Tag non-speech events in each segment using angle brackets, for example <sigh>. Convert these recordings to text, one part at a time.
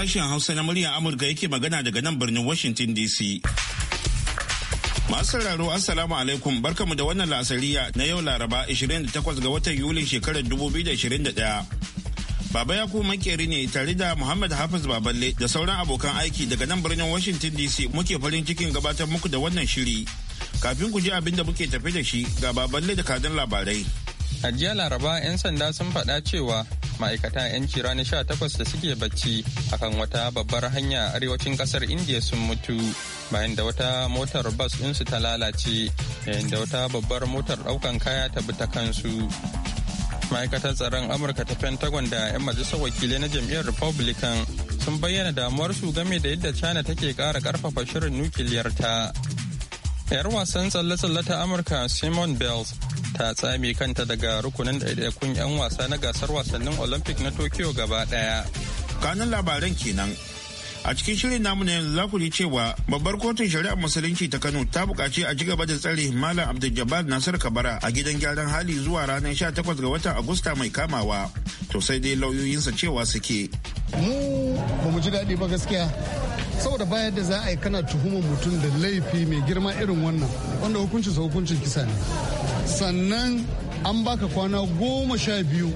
sashen Hausa na muryar Amurka yake magana daga nan birnin Washington DC. Masu sauraro Assalamu alaikum barkamu da wannan lasariya na yau Laraba 28 ga watan Yulin shekarar 2021. Baba ya ku makeri ne tare da Muhammad Hafiz Baballe da sauran abokan aiki daga nan birnin Washington DC muke farin cikin gabatar muku da wannan shiri. Kafin ku ji abin da muke tafi da shi ga Baballe da kadan labarai. A jiya Laraba 'yan sanda sun faɗa cewa ma'aikata 'yanci ranar 18 da suke bacci akan wata babbar hanya arewacin kasar indiya sun mutu bayan da wata motar bas ɗinsu ta lalace yayin da wata babbar motar ɗaukan kaya ta bi ta kansu ma'aikatar tsaron amurka ta pentagon da 'yan majalisar wakilai na jam'iyyar republican sun bayyana damuwarsu game da yadda china take kara karfafa shirin nukiliyar ta 'yar wasan tsalle-tsalle ta amurka simon bells ta tsame kanta daga rukunin ɗaiɗaikun 'yan wasa na gasar wasannin olympic na tokyo gaba ɗaya kanun labaran kenan a cikin shirin namu na yanzu za ku ji cewa babbar kotun shari'ar musulunci ta kano ta bukaci a ci gaba da tsare malam abdul nasir kabara a gidan gyaran hali zuwa ranar sha takwas ga watan agusta mai kamawa to sai dai lauyoyinsa cewa suke mu ba mu ji daɗi ba gaskiya saboda bayan da za a yi kana tuhumar mutum da laifi mai girma irin wannan wanda hukuncin sa hukuncin kisa ne sannan an baka kwana goma sha biyu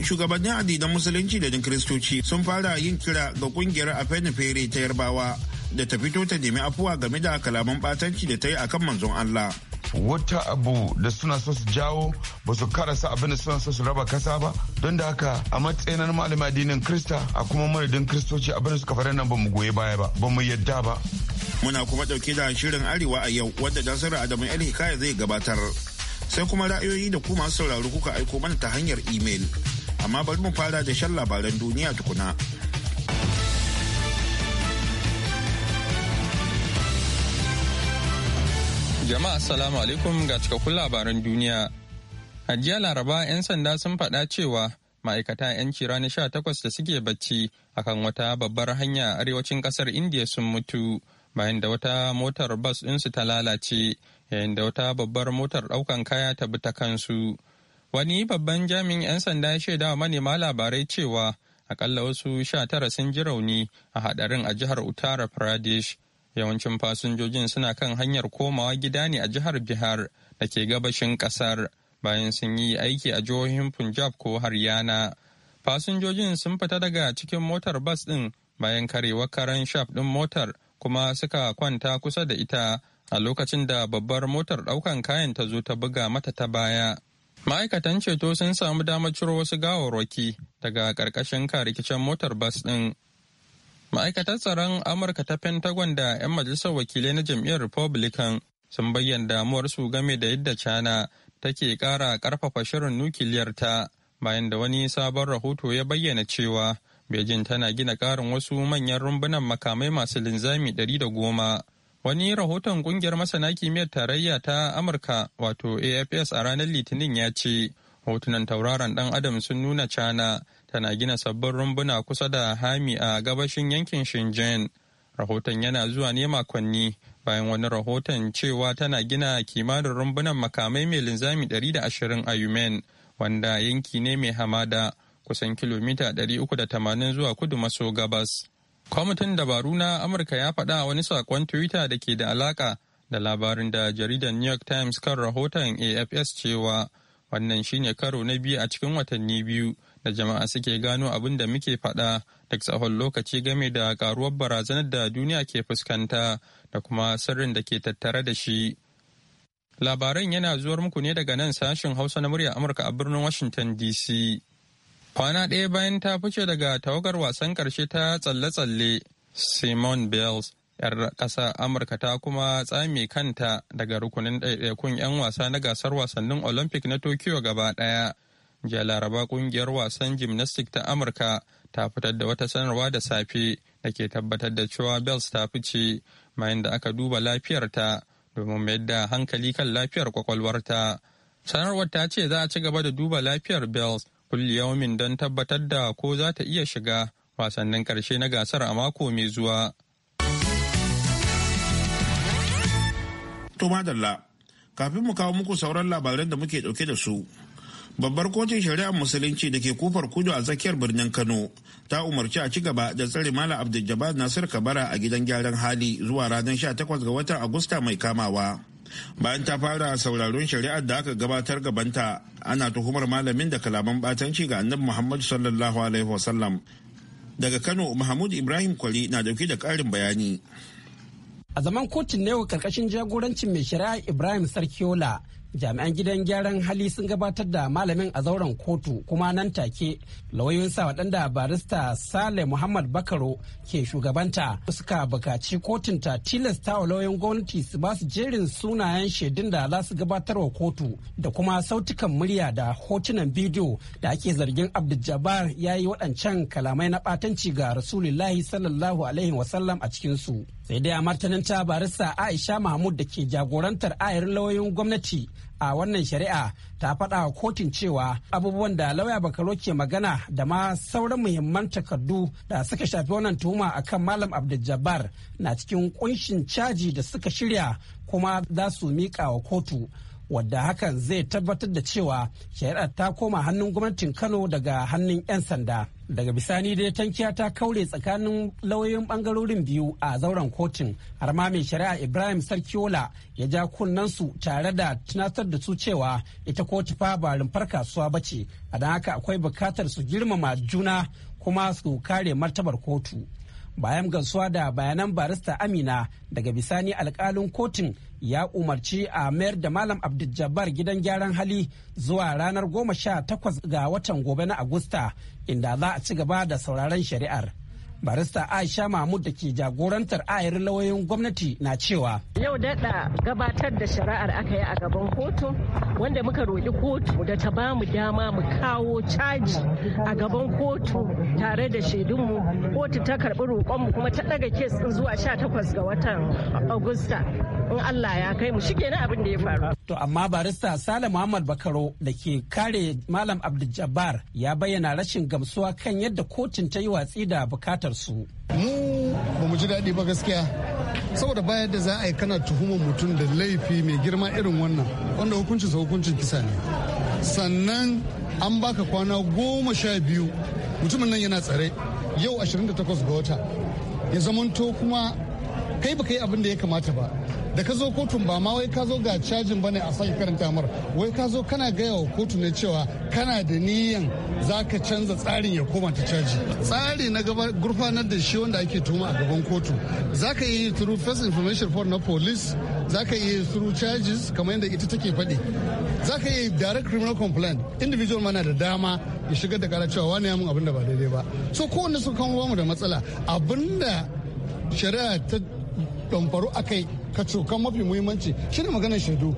shugabannin addinan musulunci da kiristoci sun fara yin kira ga kungiyar fene-fere ta yarbawa da ta fito ta nemi afuwa game da kalaman batanci da ta yi akan manzon allah wata abu da suna so su jawo ba su karasa abin da suna so su raba kasa ba don da haka a matsayin malamin addinin krista a kuma madadin kristoci abin da suka fara nan ba mu goyi baya ba ba mu yadda ba muna kuma dauke da shirin arewa a yau wanda nasiru adamu yan hikaya zai gabatar sai kuma ra'ayoyi da kuma sauraro kuka aiko mana ta hanyar imel amma bari mu fara da shan labaran duniya tukuna Jama'a salamu alaikum ga cikakkun labaran duniya. Hajiya Laraba 'yan sanda sun faɗa cewa ma'aikata 'yanci ranar sha takwas da suke bacci akan wata babbar hanya a arewacin ƙasar Indiya sun mutu bayan da wata motar bas ɗinsu ta lalace yayin da wata babbar motar ɗaukan kaya ta bi ta kansu. Wani babban jami'in 'yan sanda ya shaida wa manema labarai cewa akalla wasu sha tara sun ji rauni a haɗarin a jihar Uttar Pradesh. yawancin fasinjojin suna kan hanyar komawa gida ne a jihar bihar da ke gabashin kasar bayan sun yi aiki a jihohin punjab ko haryana fasinjojin sun fita daga cikin motar bas din bayan karewa karen shaf din motar kuma suka kwanta kusa da ita a lokacin da babbar motar daukan kayan ta zo ta buga mata ta baya ma'aikatan ceto sun samu damar ciro wasu gawarwaki daga karkashin ka rikicin motar bas din. Ma'aikatar tsaron Amurka ta Pentagon da 'yan majalisar wakilai na jam'iyyar Republican sun bayyana su game da yadda China take kara karfafa shirin nukiliyar ta bayan da wani sabon rahoto ya bayyana cewa Beijing tana gina ƙarin wasu manyan rumbunan makamai masu linzami ɗari Wani rahoton kungiyar masana kimiyyar tarayya ta Amurka wato AFS a ranar Litinin ya ce, hotunan tauraron dan Adam sun nuna China tana gina sabbin rumbuna kusa da Hami a gabashin yankin Shenzhen. Rahoton yana zuwa ne makonni bayan wani rahoton cewa tana gina kimanin rumbunan makamai mai linzami 120 a Yumen, wanda yanki ne mai hamada kusan kilomita 380 zuwa kudu maso gabas. Kwamitin dabaru na Amurka ya faɗa wani saƙon Twitter da ke da alaka da labarin da jaridar New York Times kan rahoton AFS cewa wannan shine karo na biyu a cikin watanni biyu da jama'a suke gano abin da muke faɗa da tsawon lokaci game da karuwar barazanar da duniya ke fuskanta da kuma sirrin da ke tattare da shi. Labaran yana zuwar muku ne daga nan sashen Hausa na murya Amurka a birnin Washington DC. Kwana ɗaya bayan ta fice daga tawagar wasan ƙarshe ta tsalle-tsalle, simon Bales, 'yar ƙasa Amurka ta kuma tsame kanta daga rukunin ɗaiɗaikun 'yan wasa na gasar wasannin Olympic na Tokyo gaba ɗaya. jiya laraba kungiyar wasan gymnastic ta amurka ta fitar da wata sanarwa da safe da ke tabbatar da cewa bells ta fice bayan da aka duba lafiyarta domin mayar da hankali kan lafiyar kwakwalwarta sanarwar ta ce za a ci gaba da duba lafiyar bells kulli yaumin don tabbatar da ko za ta iya shiga wasannin karshe na gasar a mako mai zuwa to madalla kafin mu kawo muku sauran labaran da muke dauke da su babbar kotun shari'ar musulunci da ke kofar kudu a tsakiyar birnin kano ta umarci a ci gaba da tsare malam abdul nasir kabara a gidan gyaran hali zuwa ranar sha takwas ga watan agusta mai kamawa bayan ta fara sauraron shari'ar da aka gabatar gabanta ana tuhumar malamin da kalaman batanci ga annabi muhammad sallallahu alaihi wasallam daga kano mahmud ibrahim kwari na dauke da karin bayani a zaman kotun ne karkashin jagorancin mai shari'a ibrahim sarkiola jami'an gidan gyaran hali sun gabatar da malamin a zauren kotu kuma nan take lauyoyinsa waɗanda barista sale muhammad bakaro ke shugabanta suka bukaci kotun ta tilasta wa lauyoyin gwamnati su ba su jerin sunayen shaidun da za su gabatar wa kotu da kuma sautukan murya da hotunan bidiyo da ake zargin abdul ya yi waɗancan kalamai na ɓatanci ga rasulullahi sallallahu alaihi wasallam a cikinsu sai dai a martanin ta barista aisha mahmud da ke jagorantar ayarin lauyoyin gwamnati a wannan shari'a ta faɗa wa kotun cewa abubuwan da lauya bakaro ke magana da ma sauran muhimman takardu da suka shafi wannan tuhuma a kan malam abdul na cikin kunshin caji da suka shirya kuma za su miƙa wa kotu wadda hakan zai tabbatar da cewa shari'ar ta koma hannun gwamnatin kano daga hannun 'yan sanda daga bisani dai tankiya ta kaure tsakanin lauyoyin bangarorin biyu a zauren kotun har ma mai shari'a ibrahim sarkiola ya ja su tare da tunatar da su cewa ita kotu fa ba rumfar kasuwa ba ce a haka akwai bukatar su girmama juna kuma su kare martabar kotu bayan gamsuwa da bayanan barista amina daga bisani alkalin kotun ya umarci a mayar da malam abdul gidan gyaran hali zuwa ranar goma sha takwas ga watan gobe na agusta inda za a ci gaba da sauraron shari'ar barista aisha mahmud da ke jagorantar ayarin lauyoyin gwamnati na cewa yau daɗa gabatar da shari'ar aka yi a gaban kotu wanda muka roƙi kotu da ta bamu dama mu kawo caji a gaban kotu tare da shaidunmu kotu ta karɓi roƙonmu kuma ta ɗaga kes ɗin zuwa takwas ga watan agusta in allah ya kai mu shike na abin da ya faru to amma barista sale muhammad bakaro da ke kare malam abdul ya bayyana rashin gamsuwa kan yadda kotun ta yi watsi da bukatar bukatar su. Mu ba mu ji daɗi ba gaskiya saboda bayan da za a yi kana tuhumar mutum da laifi mai girma irin wannan wanda hukuncin sa hukuncin kisa ne. Sannan an baka kwana goma sha biyu mutumin nan yana tsare yau 28 ga wata ya zamanto kuma kai ba kai abin da ya kamata ba da ka zo kotun ba ma wai ka zo ga cajin bane a sake karanta mar wai ka zo kana gaya wa kotu na cewa kana da niyan za ka canza tsarin ya koma ta caji tsari na gurfanar da shi wanda ake tuma a gaban kotu za ka yi through first information for na police za ka yi through charges kamar yadda ita take faɗi za ka yi direct criminal complaint individual mana da dama ya shigar da kara cewa wani ya mun abin da ba daidai ba so kowanne su kan mu da matsala abinda shari'a ta damfaru akai kacokan mafi muhimmanci shine maganar shaidu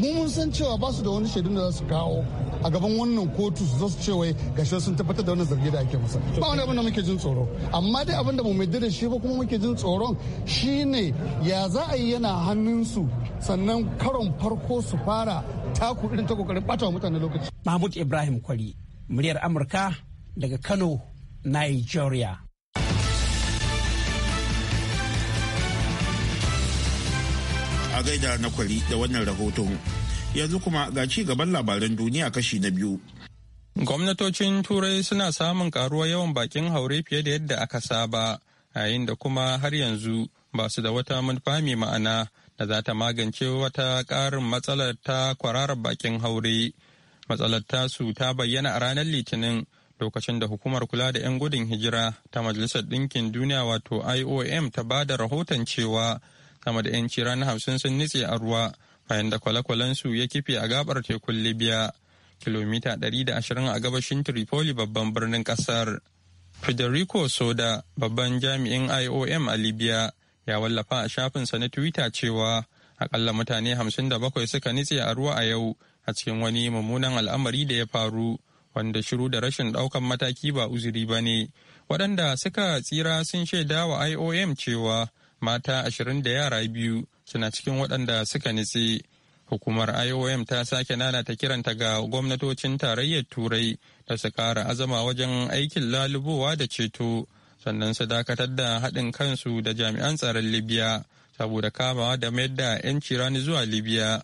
mu mun san cewa ba su da wani shaidun da za su kawo a gaban wannan kotu su zo su ce wai gashi sun tabbatar da wannan zargi da ake masa ba wani abin da muke jin tsoro amma dai abin da mu mai da shi ba kuma muke jin tsoron shine ya za a yi yana hannun su sannan karon farko su fara taku irin ta kokarin bata mutane lokaci mahmud ibrahim kwari muryar amurka daga kano nigeria gaida na kwari da wannan rahoton. Yanzu kuma ga ci gaban labaran duniya kashi na biyu. Gwamnatocin Turai suna samun karuwa yawan bakin haure fiye da yadda aka saba, yayin da kuma har yanzu ba su da wata manufa mai ma'ana da za ta magance wata karin matsalar ta kwararar bakin haure. Matsalar su ta bayyana a ranar Litinin lokacin da hukumar kula da 'yan gudun hijira ta Majalisar Ɗinkin Duniya wato IOM ta ba da rahoton cewa sama da yanci ranar hamsin sun nitse a ruwa bayan da kwale-kwalensu ya kife a gabar tekun libya kilomita 120 a gabashin tripoli babban birnin kasar federico soda babban jami'in iom a libya ya wallafa a shafinsa na twitter cewa akalla mutane 57 suka nitse a ruwa a yau a cikin wani mummunan al'amari da ya faru wanda shiru da rashin daukan mataki ba uzuri ba ne waɗanda suka tsira sun shaida wa iom cewa mata ashirin da yara biyu suna cikin waɗanda suka nitse hukumar iom ta sake ta kiranta ga gwamnatocin tarayyar turai da su kara azama wajen aikin lalubowa da ceto sannan su dakatar da haɗin kansu da jami'an tsaron libya saboda kamawa da mayar da 'yanci rani zuwa libya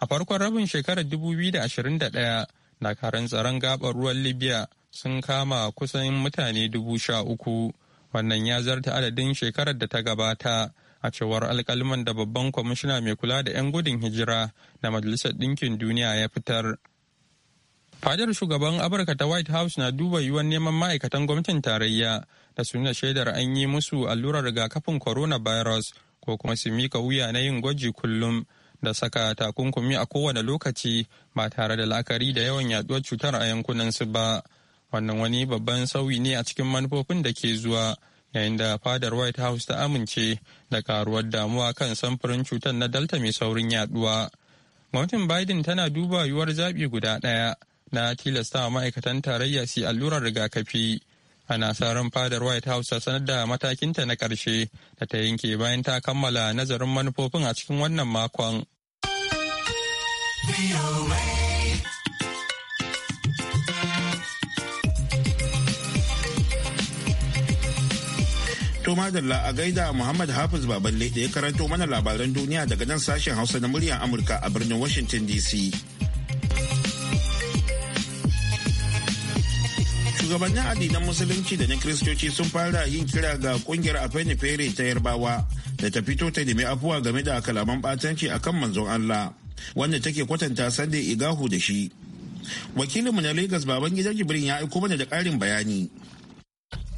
a farkon rabin shekarar 2021 dakarun tsaron gabar ruwan libya sun kama kusan mutane dubu sha uku wannan ya zarta adadin shekarar da ta gabata a cewar alkaliman da babban kwamishina mai kula da 'yan gudun hijira da majalisar ɗinkin duniya ya fitar fadar shugaban amurka ta white house na duba yiwuwar neman ma'aikatan gwamnatin tarayya da su nuna shaidar an yi musu allurar rigakafin coronavirus ko kuma su mika wuya na yin gwaji kullum da saka takunkumi a kowane lokaci ba tare da la'akari da yawan yaduwar cutar a yankunan su ba. wannan wani babban sauyi ne a cikin manufofin da ke zuwa yayin da fadar white house ta amince da karuwar damuwa kan samfurin cutar na delta mai saurin yaduwa gwamnatin biden tana duba yuwar zaɓi guda ɗaya na tilasta wa ma'aikatan tarayya su allurar rigakafi ana sa ran fadar white house ta sanar da matakinta na ƙarshe da ta yanke bayan ta kammala nazarin manufofin a cikin wannan makon. To madalla a gaida Muhammad Hafiz Baballe da ya karanto mana labaran duniya daga nan sashen Hausa na muryar Amurka a birnin Washington DC. Shugabannin addinan Musulunci da na Kiristoci sun fara yin kira ga kungiyar fere ta Yarbawa da ta fito ta nemi afuwa game da kalaman batanci kan manzon Allah wanda take kwatanta sande igahu da shi. Wakilinmu na Lagos gidan Jibrin ya aiko mana da ƙarin bayani.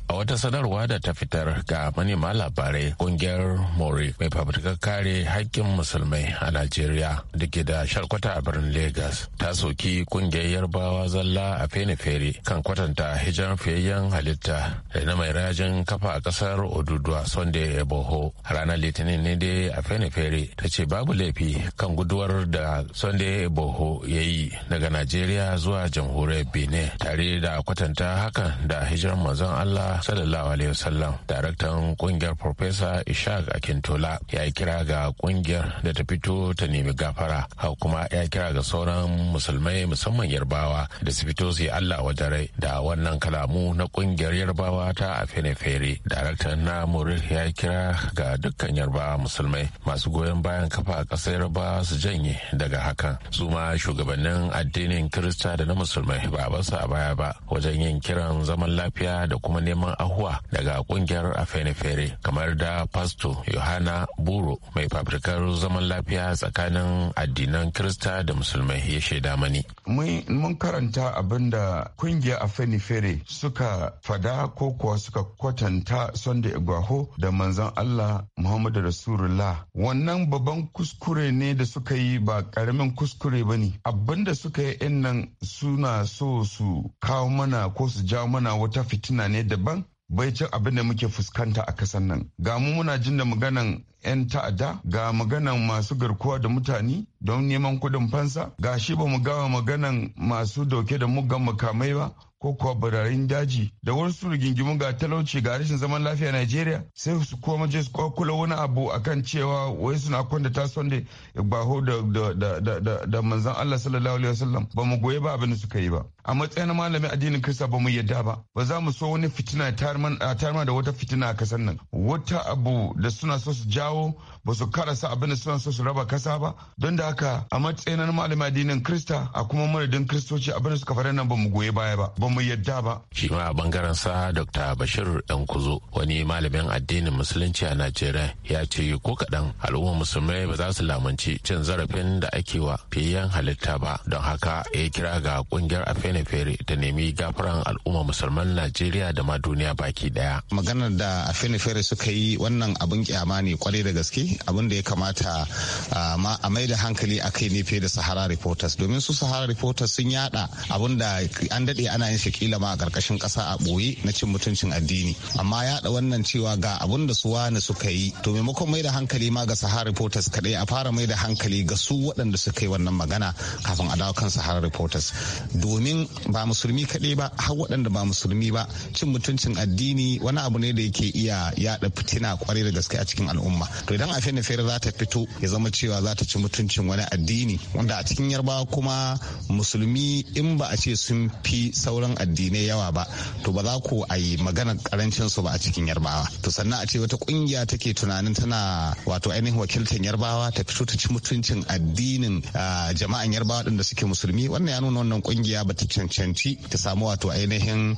A wata sanarwa da ta fitar ga manema labarai kungiyar Mori mai fafutukar kare haƙƙin musulmai a Najeriya da ke da sharkwata a birnin Legas ta soki kungiyar Yarbawa zalla a fene-fere kan kwatanta hijiran fiyayyen halitta da na mai rajin kafa a ƙasar Oduduwa Sunday Eboho. Ranar Litinin ne dai a fene-fere ta ce babu laifi kan guduwar da Sunday Eboho ya yi daga Najeriya zuwa jamhuriyar Benin tare da kwatanta hakan da hijiran manzon Allah sallallahu alaihi wasallam daraktan kungiyar Professor Ishaq Akintola ya yi kira ga kungiyar da ta fito ta nemi gafara haka kuma ya kira ga sauran musulmai musamman yarbawa da su fito su yi Allah wajen rai. da wannan kalamu na kungiyar yarbawa ta a fere daraktan na Murir ya kira ga dukkan yarbawa musulmai masu goyon bayan kafa a ƙasar yarbawa su janye daga hakan su ma shugabannin addinin Kirista da na musulmai ba a basa a baya ba wajen yin kiran zaman lafiya da kuma neman neman ahuwa daga kungiyar afenefere kamar da pasto yohana buro mai fabrikar zaman lafiya tsakanin addinan kirista da musulmai ya shaida mani mun karanta abin da kungiyar afenefere suka fada ko kuwa suka kwatanta sanda igwaho da manzon allah muhammadu rasulullah wannan babban kuskure ne da suka yi ba karamin kuskure ba ne abin suka yi nan suna so su kawo mana ko su jawo mana wata fitina ne daban bai cin abin da muke fuskanta a kasan nan ga mu muna jin da maganan 'yan ta'adda ga maganan masu garkuwa da mutane don neman kudin fansa ga shi ba mu gawa maganan masu dauke da mugan makamai ba ko kuwa barayin daji da wasu rigingimu ga talauci ga rashin zaman lafiya Najeriya sai su kuma je su kwakula wani abu akan cewa wai suna kwanda ta sonde da da da da Allah sallallahu alaihi wasallam ba mu goye ba abin da suka yi ba a matsayin malamin addinin Kirista ba mu yadda ba ba za mu so wani fitina a tarima da wata fitina a kasar nan wata abu da suna so su jawo ba su karasa abin da suna so su raba kasa ba don da haka a matsayin malamin addinin Kirista a kuma madadin Kiristoci abin da suka fara nan ba mu goyi baya ba ba mu yadda ba shi ma a bangaren sa Dr. Bashir kuzo wani malamin addinin musulunci a Najeriya ya ce ko kaɗan al'ummar musulmai ba za su lamunci cin zarafin da ake wa fiye halitta ba don haka ya kira ga ƙungiyar Afen Tijjani ta nemi gafaran al'umma musulman Najeriya da ma duniya baki daya. Maganar da Afeni Fere suka yi wannan abin kyama ne kwarai da gaske abin da ya kamata a mai da hankali a kai ne fiye da Sahara Reporters domin su Sahara Reporters sun yada abin da an dade ana yin shakila ma a karkashin kasa a boye na cin mutuncin addini amma yada wannan cewa ga abin da su wani suka yi to maimakon mai da hankali ma ga Sahara Reporters kadai a fara mai da hankali ga su waɗanda suka yi wannan magana kafin a dawo kan Sahara Reporters domin ba musulmi kaɗai ba har waɗanda ba musulmi ba cin mutuncin addini wani abu ne da yake iya yaɗa fitina kwarai da gaske a cikin al'umma to idan a fene fere za ta fito ya zama cewa za ta ci mutuncin wani addini wanda a cikin yarbawa kuma musulmi in ba a ce sun fi sauran addinai yawa ba to ba za ku a yi magana karancin su ba a cikin yarbawa to sannan a ce wata kungiya take tunanin tana wato ainihin wakiltar yarbawa ta fito ta ci mutuncin addinin ah, jama'an yarbawa din da suke musulmi wannan ya nuna wannan kungiya ba ta cancanci ta samu wato ainihin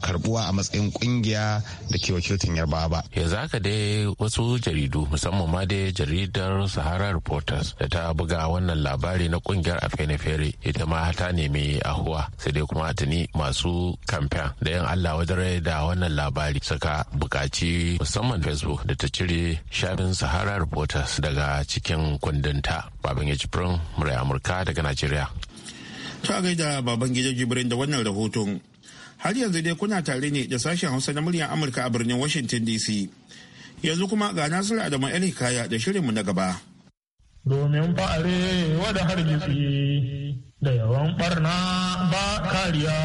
karbuwa a matsayin kungiya da ke wakiltun yarbawa ba yanzu haka dai wasu jaridu musamman ma dai jaridar sahara reporters da ta buga wannan labari na kungiyar a fere ita ma ta nemi ahuwa sai dai kuma tuni masu kamfen da yan allah wajen da wannan labari suka bukaci musamman facebook da ta cire shafin sahara reporters daga cikin kundinta babin ya murai amurka daga nigeria. Ta gaida baban gida Jibrin da wannan rahoton. Har yanzu dai kuna tare ne da sashen Hausa na muryar Amurka a birnin Washington DC. Yanzu kuma ga Nasiru Adamu Ali Kaya da shirinmu na gaba. Domin fa'are wada hargitsi da yawan barna ba kariya.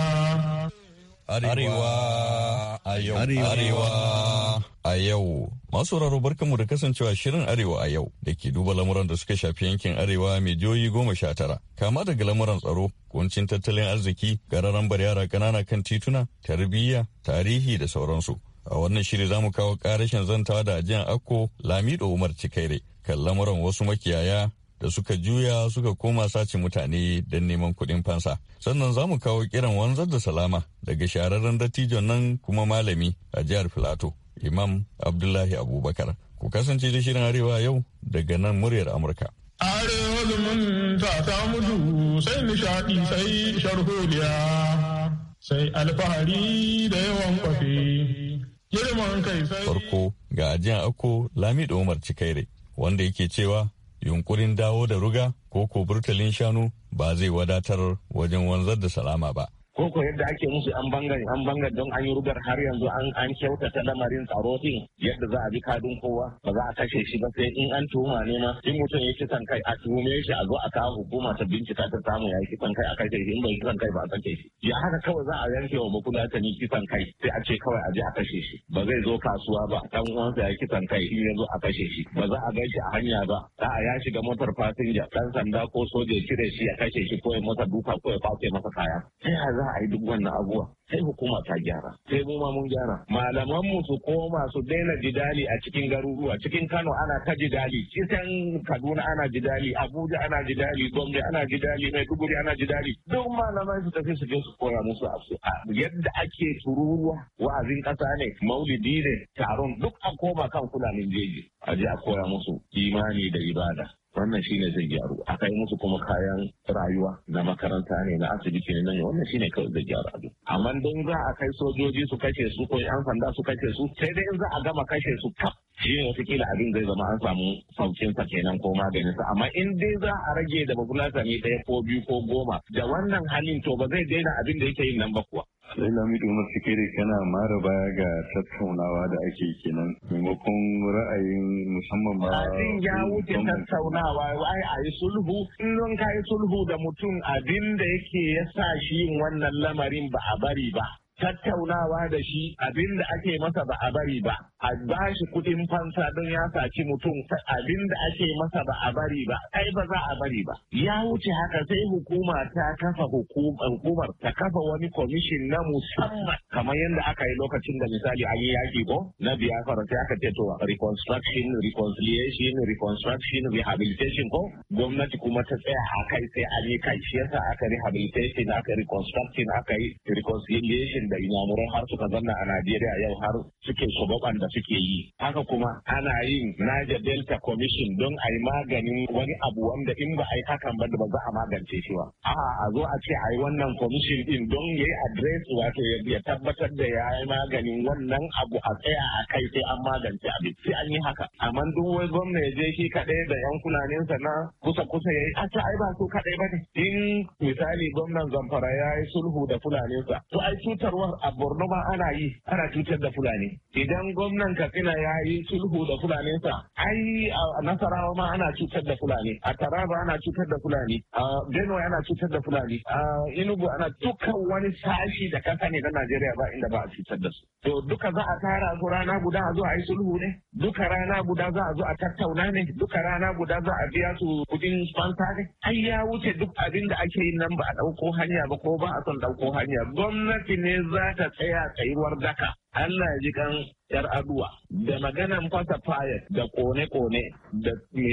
Arewa Arewa a yau. Masu raro barkanmu da kasancewa shirin Arewa a yau da ke duba lamuran da suka shafi yankin Arewa mai jihohi goma sha tara. Kama daga lamuran tsaro, kuncin tattalin arziki, gararan bar yara ƙanana kan tituna, tarbiyya, tarihi da sauransu. A wannan shiri za mu kawo ƙarashin zantawa da ajiyan Akko Lamido Umar Cikaire kan lamuran wasu makiyaya da suka juya suka koma sace mutane don neman kuɗin fansa. Sannan za mu kawo kiran wanzar da salama daga shahararren dattijon nan kuma malami a jihar Filato. Imam Abdullahi Abubakar. Ku kasance da shirin Arewa yau daga nan muryar Amurka. Arewa zumunta ta mudu sai nishaɗi sai sharholiya sai alfahari da yawan kwafe. Girman kai sai. Farko ga ajiyan ako Lamido Umar Cikaire wanda yake cewa yunkurin dawo da ruga ko ko burtalin shanu ba zai wadatar wajen wanzar da salama ba. ko ko yadda ake musu an bangare an bangare don an yi rugar har yanzu an an kyautata lamarin tsaro din yadda za a bi kadin kowa ba za a kashe shi ba sai in an tuhuma ne ma in mutum ya kisan kai a tuhume shi a zo a kawo hukuma ta bincika ta samu ya kisan kai a kashe shi in bai kisan kai ba a kashe shi ya haka kawai za a yanke wa ta ni kisan kai sai a ce kawai a je a kashe shi ba zai zo kasuwa ba dan uwansa ya kisan kai shi ya zo a kashe shi ba za a gaishe a hanya ba a ya shiga motar fasinja dan sanda ko soja ya cire shi ya kashe shi ko ya masa duka ko ya fafe masa kaya sai a za a yi duk wannan abubuwa sai hukuma ta gyara sai mu mun gyara malaman mu su koma su daina jidali a cikin garuruwa cikin Kano ana ta jidali cikin Kaduna ana jidali Abuja ana jidali Gombe ana jidali Maiduguri ana jidali duk malamai su tafi su je su koya musu a yadda ake tururuwa wa'azin kasa ne maulidi ne taron duk a koma kan Fulani jeji a je a koya musu imani da ibada wannan shine zai gyaru a kai musu kuma kayan rayuwa na makaranta ne na asibiti ne nan wannan shine kawai zai gyaru abu amma za a kai sojoji su kashe su ko yan sanda su kashe su sai dai in za a gama kashe su kaf shi ne kila abin zai zama an samu saukin sa kenan ko maganin sa amma in dai za a rage da bakulata ne ɗaya ko biyu ko goma da wannan halin to ba zai daina abin da yake yin nan ba ko sai lamidu masikiri kana mara baya ga tattaunawa da ake kenan maimakon ra'ayin musamman ba abin ya wuce tattaunawa ai a yi sulhu in don ka yi sulhu da mutum abin da yake ya sa shi yin wannan lamarin ba a bari ba tattaunawa da shi abin da ake masa ba a bari ba a bashi shi kuɗin fansa don ya saci mutum abin da ake masa ba a bari ba ai ba za a bari ba ya wuce haka sai hukuma ta kafa hukumar ta kafa wani kwamishin na musamman kamar yadda aka yi lokacin da misali an yi yaki ko na biyafara sai aka ce to reconstruction reconciliation reconstruction rehabilitation ko gwamnati kuma ta tsaya a kai sai an yi kai shi yasa aka rehabilitation aka reconstruction aka yi reconciliation da inyamurai har suka zanna a Najeriya yau har suke shugaban da suke yi. Haka kuma ana yin Naja Delta Commission don a yi maganin wani abu wanda in ba a yi hakan ba da ba za a magance shi ba. A'a a zo a ce a yi wannan commission din don ya yi address wato ya tabbatar da ya yi maganin wannan abu a tsaya a kai sai an magance abin. Sai an yi haka. Amma duk wai gwamna ya je shi kaɗai da yan kunaninsa na kusa kusa ya yi a ai ba su kaɗai ba ne. In misali gwamnan zamfara ya yi sulhu da fulaninsa. To ai cutar cutarwar a borno ma ana yi ana cutar da fulani idan gwamnan katsina ya yi sulhu da fulani sa ai a nasarawa ma ana cutar da fulani a taraba ana cutar da fulani a benue ana cutar da fulani a enugu ana dukkan wani sashi da kasa ne na najeriya ba inda ba a cutar da su to duka za a tara su rana guda a zo a yi sulhu ne duka rana guda za a zo a tattauna ne duka rana guda za a biya su kudin spanta ne ai ya wuce duk abin da ake yi nan ba a ɗauko hanya ba ko ba a son ɗauko hanya gwamnati ne za ta tsaya tsayuwar daka Allah ji kan yar aduwa da maganan fasa fayar da kone-kone da me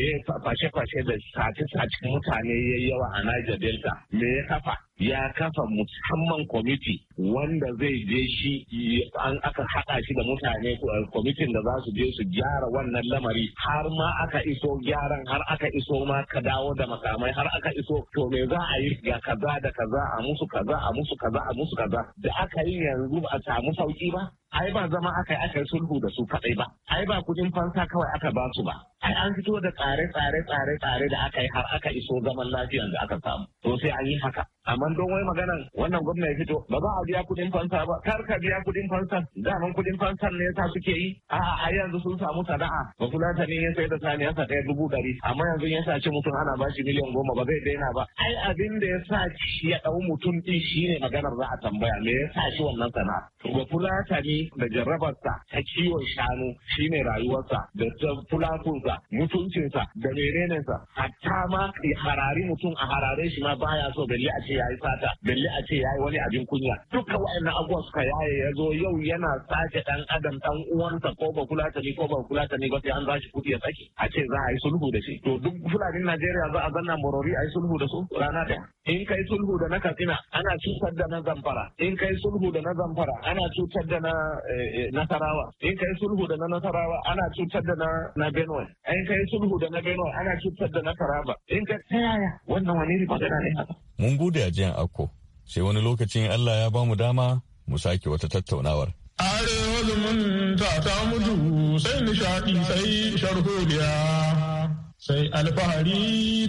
fashe-fashe da sace-sace mutane ya yawa a Niger Delta me ya kafa ya kafa musamman kwamiti wanda zai je shi an aka haɗa shi da mutane eh, kwamitin da za su je su gyara wannan lamari har ma aka iso gyaran har aka iso ma ka dawo da makamai har aka iso to me za a yi ga kaza da kaza a musu kaza a musu kaza a musu kaza da aka yi yanzu ba a samu sauki ba ai ba zama aka yi aka yi sulhu da su kadai ba ai ba kuɗin fansa kawai aka ba su ba ai an fito da tsare tsare tsare tsare da aka yi har aka iso zaman lafiyan da aka samu to sai an yi haka amma don wai magana wannan gwamna ya fito ba za a biya kudin fansa ba kar ka biya kudin fansa daman kudin fansan ne yasa suke yi a har yanzu sun samu sana'a ba ta ne ya sai da saniya sa ɗaya dubu ɗari amma yanzu ya sace mutum ana ba shi miliyan goma ba zai daina ba ai abin da ya sa ya ɗau mutum ɗin shine maganar za a tambaya me ya sa shi wannan sana'a ba ta ne da jarrabarsa ta kiwon shanu shine rayuwarsa da fulakunsa, mutuncinsa da menenensa hatta ma harari mutum a harare shi ma baya so belli a ce ya yi sata balle a ce ya yi wani abin kunya duka wa'annan abubuwa suka yaye ya zo yau yana sace dan adam dan uwansa ko ba kula ta ne ko ba kula ta ne ba sai an zashi kuɗi ya saki a ce za a yi sulhu da shi to duk fulanin Najeriya za a zanna morori a yi sulhu da su rana ɗaya in kai sulhu da na Katsina ana cutar da na Zamfara in kai sulhu da na Zamfara ana cutar da na eh, eh, Nasarawa in kai sulhu da na Nasarawa ana cutar da na na Benue in kai sulhu da na Benue ana cutar da na Taraba in kai ta yaya wannan wani riba ne haka Mun gode a jiyan Akko, sai wani lokacin Allah ya ba mu dama mu sake wata tattaunawar. Arewa zumunta ta mutu sai nishaɗi sai sai alfahari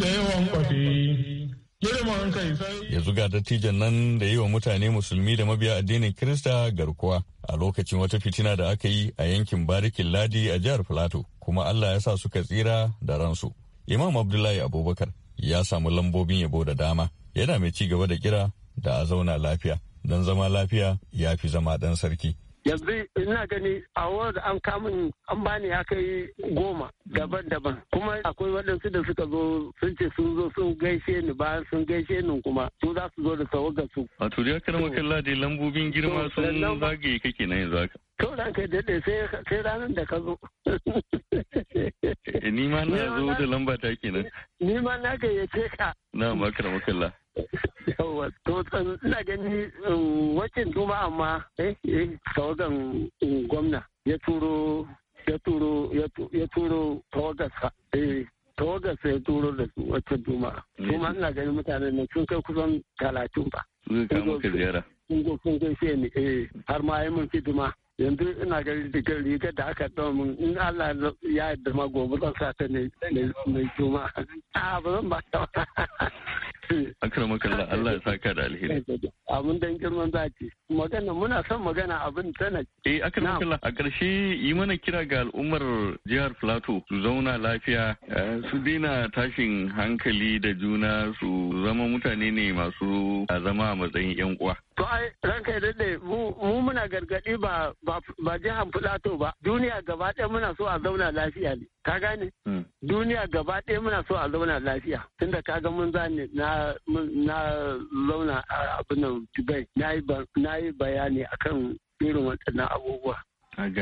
da yawan kwafi. ya dattijan nan da yi wa mutane musulmi da mabiya addinin Kirista garkuwa a lokacin wata fitina da aka yi a yankin Barikin Ladi a jihar Filato, kuma Allah ya sa suka tsira da ransu. Imam Abdullahi Abubakar ya samu lambobin yabo da dama yana mai ci gaba da kira da a zauna lafiya don zama lafiya ya fi zama dan sarki. yanzu ina gani a wadda an kamun an bani ya kai goma daban-daban kuma akwai waɗansu da suka zo sun ce sun zo sun gaishe ni bayan sun gaishe ni kuma su za su zo da ga su. a ya kira kalla da lambobin girma sun zage kake na yanzu haka. to da kai daɗe sai ranar da ka zo. Eh, ni ma na zo da lamba ta kenan. ni ma na gayyace ka. na makar karma yawa to ina gani um, wacin ma eh, eh tawagan um, gwamna ya turo ya turo ya eh tawagarsa ya turo da wacin kuma mutanen sun kai kusan talatin ba ziyara sun sun ni eh har ma yi hidima yanzu ina gari da rigar da aka ɗau min in Allah ya yi dama gobe zan sa ta ne juma'a a <laughs> ah, ba zan ba ta <laughs> <laughs> akramakallah Allah ya saka da alheri abun dan girman zaki magana muna son magana abin tana eh akramakallah a ƙarshe yi mana kira ga al'ummar jihar Plateau su zauna lafiya eh, su daina tashin hankali da juna su zama mutane ne masu zama a matsayin yan uwa To ai ranka ya daɗe mu muna gargaɗi ba ba jihar Filato ba duniya gaba ɗaya muna so a zauna lafiya ne ka gane hmm. duniya gaba ɗaya muna so a zauna lafiya tunda ga mun zane na na zauna a abin nan Dubai na yi bayani akan irin waɗannan abubuwa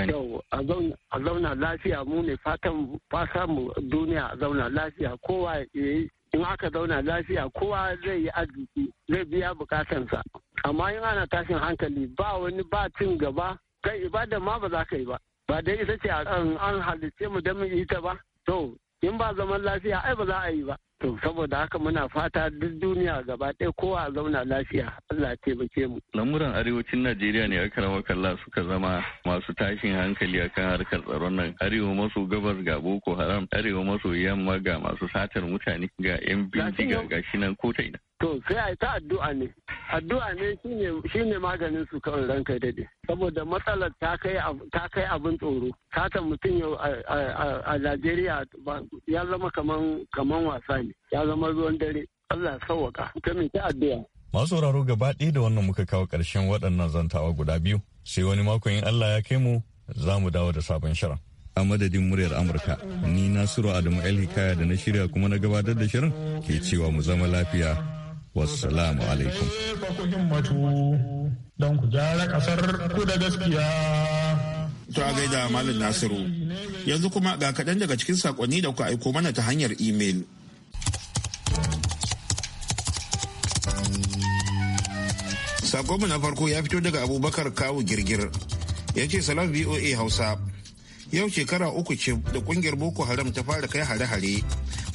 Yau a zauna lafiya mu ne fatan fasa mu duniya a zauna lafiya kowa ya yi in aka zauna lafiya kowa zai yi arziki zai biya bukatansa amma in ana tashin hankali ba wani ba cin gaba kai ibada ma ba za ka yi ba ba dai ita ce an halice mu don mu yi ba to in ba zaman lafiya ai ba za a yi ba To saboda haka muna fata duk duniya gaba ɗaya kowa a zauna lafiya Allah taimake mu. Lamuran arewacin Najeriya ne aka rama kalla suka zama masu tashin hankali akan harkar tsaron nan. Arewa maso gabas ga Boko Haram, arewa maso yamma ga masu satar mutane ga 'yan bindiga ga shi nan ina. To sai a yi ta addu'a ne. Addu'a ne shine maganin su kan ranka dade. Saboda matsalar ta kai abin tsoro. Sata mutum yau a Najeriya ya zama kaman wasa ne. Ya zama ruwan dare. Allah sauwaka. Ta mai ta addu'a. Masu sauraro gaba ɗaya da wannan muka kawo ƙarshen waɗannan zantawa guda biyu. Sai wani makon in Allah ya kai mu za mu dawo da sabon shirin. a madadin muryar Amurka. Ni Nasiru Adamu El Hikaya da na shirya kuma na gabatar da shirin ke cewa mu zama lafiya. wassalamu alaikum don da gaskiya to a gaida malam nasiru yanzu kuma ga kaɗan daga cikin saƙonni da kuka aiko mana ta hanyar imel sakonmu na farko ya fito daga abubakar kawu girgir ya ce salam voa hausa yau shekara uku ce da ƙungiyar boko haram ta fara kai hare-hare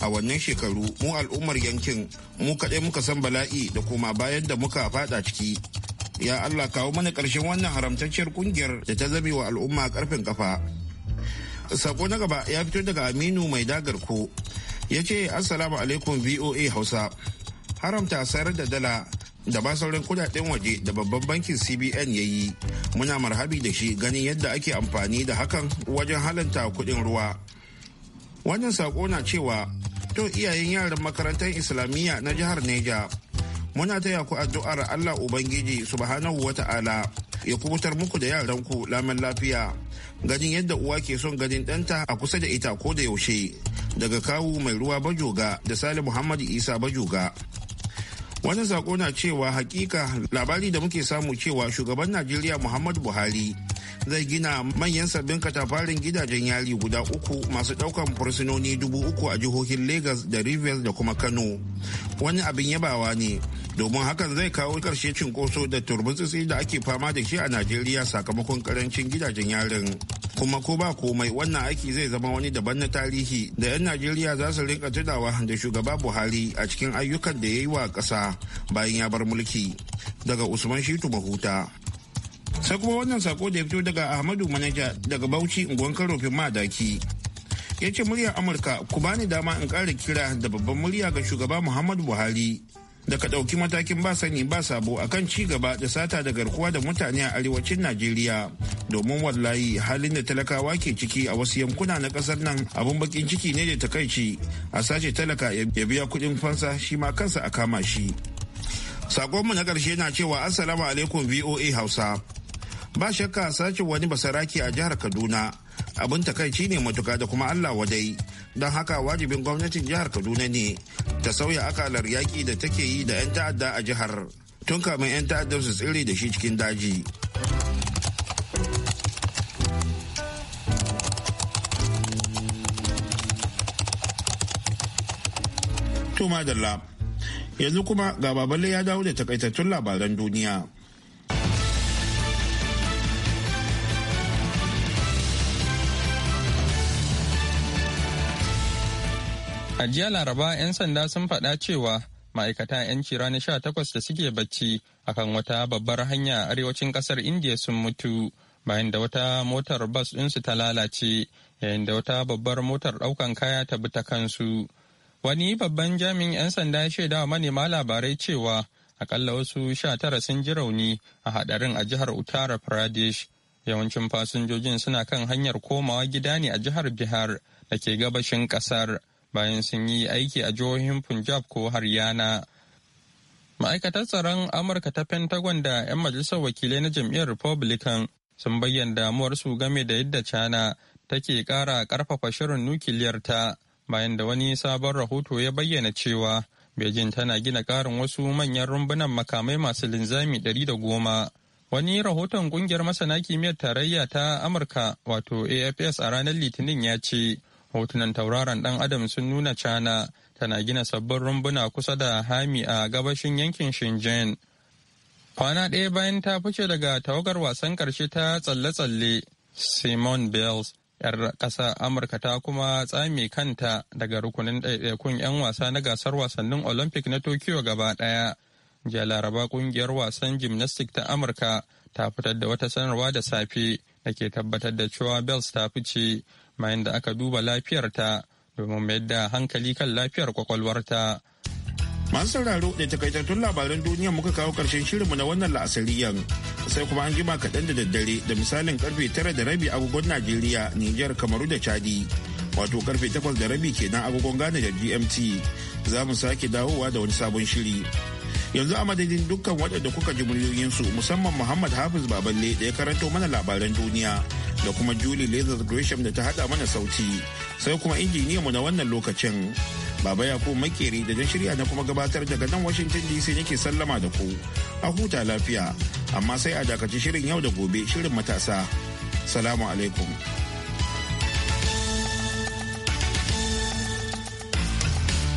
a wannan shekaru mu al'ummar yankin mu kaɗai muka san bala'i da kuma bayan da muka fada ciki ya allah kawo mana karshen wannan haramtacciyar kungiyar da ta zame wa al'umma ƙarfin kafa sako na gaba ya fito daga aminu mai dagar ko ya ce assalamu alaikum voa hausa haramta sayar da dala da ba sauran kudaden waje da babban bankin cbn ya yi muna marhabi da shi ganin yadda ake amfani da hakan wajen halanta kuɗin ruwa wannan sako na cewa Fatoyin iyayen yaran makarantar Islamiyya na jihar Neja. Muna taya ku addu'ar Allah Ubangiji subhanahu wa ta'ala ya kubutar muku da yaran ku laman lafiya. Ganin yadda uwa ke son ganin ɗanta a kusa da ita ko da yaushe. Daga kawu mai ruwa bajoga da Sale Muhammad Isa bajoga. wani sako na cewa hakika labari da muke samu cewa shugaban najeriya muhammadu buhari zai gina manyan sabbin katafarin gidajen yari guda uku masu daukan fursunoni dubu uku a jihohin Legas da Rivers da kuma Kano. Wani abin yabawa ne domin hakan zai kawo ƙarshe cinkoso da turbutsitsi da ake fama da shi a Najeriya sakamakon karancin gidajen yarin. Kuma ko ba komai wannan aiki zai zama wani daban na tarihi da 'yan Najeriya za su rinka tunawa da shugaba Buhari a cikin ayyukan da ya yi wa ƙasa bayan ya bar mulki. Daga Usman Shitu Mahuta, sai kuma wannan sako da ya fito daga ahmadu manaja daga bauchi unguwan karofin madaki ya ce muryar amurka ku bani dama in kara kira da babban murya ga shugaba muhammadu buhari da ka ɗauki matakin ba sani ba sabo akan ci gaba da sata da garkuwa da mutane a arewacin najeriya domin wallahi halin da talakawa ke ciki a wasu yankuna na ƙasar nan abun bakin ciki ne da takaici a sace talaka ya biya kuɗin fansa shi ma kansa a kama shi sakonmu na ƙarshe na cewa assalamu alaikum voa hausa ba shakka sace wani basaraki a jihar kaduna abin takaici ne matuka da kuma allah wadai don haka wajibin gwamnatin jihar kaduna ne ta sauya akalar yaƙi da take yi da 'yan ta'adda a jihar tun kamin 'yan ta'adda su tsire da shi cikin daji to madalla yanzu kuma ga baballe ya dawo da takaitattun labaran duniya a jiya laraba 'yan sanda sun faɗa cewa ma'aikata yan 'yanci ranar takwas da suke bacci akan wata babbar hanya a arewacin kasar indiya sun mutu bayan da wata motar bas ɗinsu ta lalace yayin da wata babbar motar ɗaukan kaya ta bi ta kansu Wani babban jami'in 'yan sanda ya shaida wa manema labarai cewa akalla wasu sha tara sun ji rauni a hadarin a jihar Uttar Pradesh. Yawancin fasinjojin suna kan hanyar komawa gida ne a jihar Bihar da ke gabashin kasar bayan sun yi aiki a jihohin Punjab ko Haryana. Ma'aikatar tsaron Amurka ta Pentagon da 'yan majalisar wakilai na jam'iyyar Republican sun bayyana su game da yadda cana take ƙara ƙarfafa shirin nukiliyar ta. bayan da wani sabon rahoto ya bayyana cewa Beijing tana gina ƙarin wasu manyan rumbunan makamai masu linzami 110. Wani rahoton kungiyar masana kimiyyar tarayya ta Amurka wato AFS a ranar Litinin ya ce, hotunan tauraron dan Adam sun nuna cana tana gina sabbin rumbuna kusa da hami a gabashin yankin Shenzhen. Kwana ɗaya bayan ta fice daga tawagar wasan ƙarshe ta tsalle-tsalle, simon Bells 'yar ƙasa amurka ta kuma tsame kanta daga rukunin ɗaiɗaikun 'yan wasa na gasar wasannin olympic na tokyo gaba ɗaya jiya laraba ƙungiyar wasan gymnastic ta amurka ta fitar da wata sanarwa da safe da ke tabbatar da cewa bells ta fice bayan da aka duba lafiyarta domin mayar da hankali kan lafiyar kwakwalwarta masu sauraro da takaitattun labaran duniya muka kawo karshen shirinmu na wannan la'asariyan sai kuma an jima kaɗan da daddare da misalin karfe tara da rabi agogon najeriya niger kamaru da chadi wato karfe takwas da rabi kenan agogon ghana da gmt za mu sake dawowa da wani sabon shiri yanzu a madadin dukkan waɗanda kuka ji muryoyinsu musamman muhammad hafiz baballe da ya karanto mana labaran duniya da kuma julie lazar gresham da ta haɗa mana sauti sai kuma injiniyanmu na wannan lokacin Baba Yakubu Makeri da jan shirya na kuma gabatar daga nan Washington DC nake sallama da ku. A huta lafiya, amma sai a dakaci shirin yau da gobe shirin matasa. Salamu alaikum.